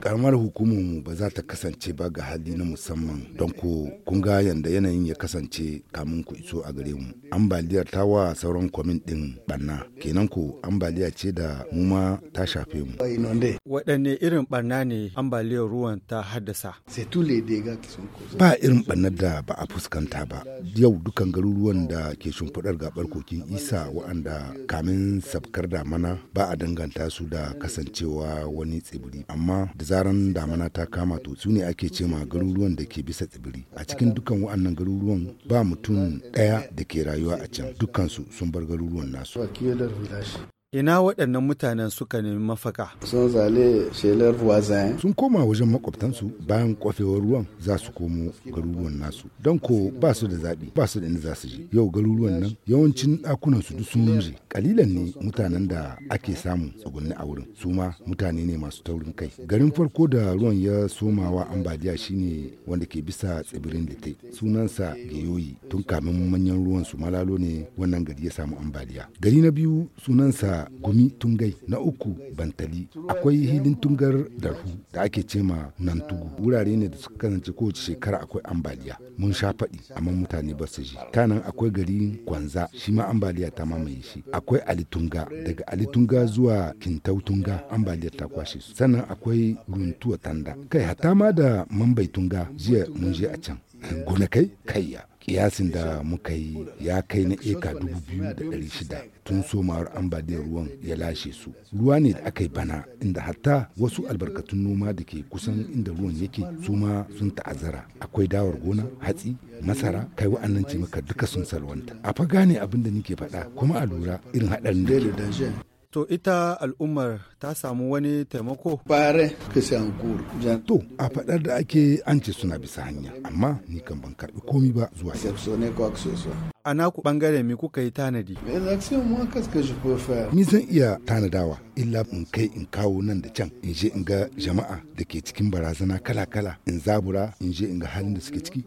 karamar hukumar mu ba za ta kasance ba ga hali na musamman don ko kun ga yanda yanayin ya kasance kamun ku iso a gare mu ambaliyar ta wa sauran kwamin din barna kenan ko ambaliya ce da mu ma ta shafe mu waɗanne irin barna ne ambaliyar ruwan ta haddasa ba irin barnar da ba a fuskanta ba yau dukan garuruwan da ke shimfiɗar gabar kokin isa waɗanda kamin sabkar da mana ba a danganta su da a kasancewa wani tsibiri amma da zaran damana ta kama to su ne ake ma garuruwan da ke bisa tsibiri a cikin dukkan wa'annan garuruwan ba mutum ɗaya da ke rayuwa a can dukkansu sun bar garuruwan nasu Ina waɗannan mutanen suka nemi mafaka? Sun zale shelar voisin. Sun koma wajen makwabtansu bayan kwafewar ruwan za su komo garuruwan nasu. Don ko ba su da zaɓi ba su da inda za su je. Yau garuruwan nan yawancin ɗakunan su duk sun Kalilan ne mutanen da ake samu tsugunni a wurin. Su ma mutane ne masu taurin kai. Garin farko da ruwan ya wa ambaliya shine wanda ke bisa tsibirin Lite. Sunansa Geyoyi tun kamin manyan ruwan su malalo ne wannan gari ya samu ambaliya. Gari na biyu sunansa gumi tungai na uku bantali akwai hilin tungar darhu da ake cema nan tugu wurare ne da suka kasance kowace shekara akwai ambaliya mun sha faɗi amma mutane ba su ji kanan akwai gari kwanza shi ma ambaliya ta mamaye shi akwai alitunga daga alitunga zuwa Kintau tunga, ambaliya ta kwashe su sannan akwai runtuwa tanda kai hata ma da mambai tunga jiya mun je a can gonakai kayya kiyasin da muka yi ya kai na eka dubu biyu da ɗari shida tun somawar ambaliyar ruwan ya lashe su ruwa ne da aka yi bana inda hatta wasu albarkatun noma da ke kusan inda ruwan yake su ma sun ta'azzara akwai dawar gona hatsi masara kai wa'annan cimaka duka sun salwanta a fa gane abin da nake faɗa kuma a lura irin haɗarin da ke To ita al'ummar ta samu wani taimako? Bare ka To a faɗar da ake an ce suna bisa hanya amma ni kan ban karɓi komi ba zuwa yau. a bangare me kuka yi tanadi? Ni zan iya tanadawa illa in kai in kawo nan da can in je in ga jama'a da ke cikin barazana kala-kala in zabura in je in ga halin da suke ciki.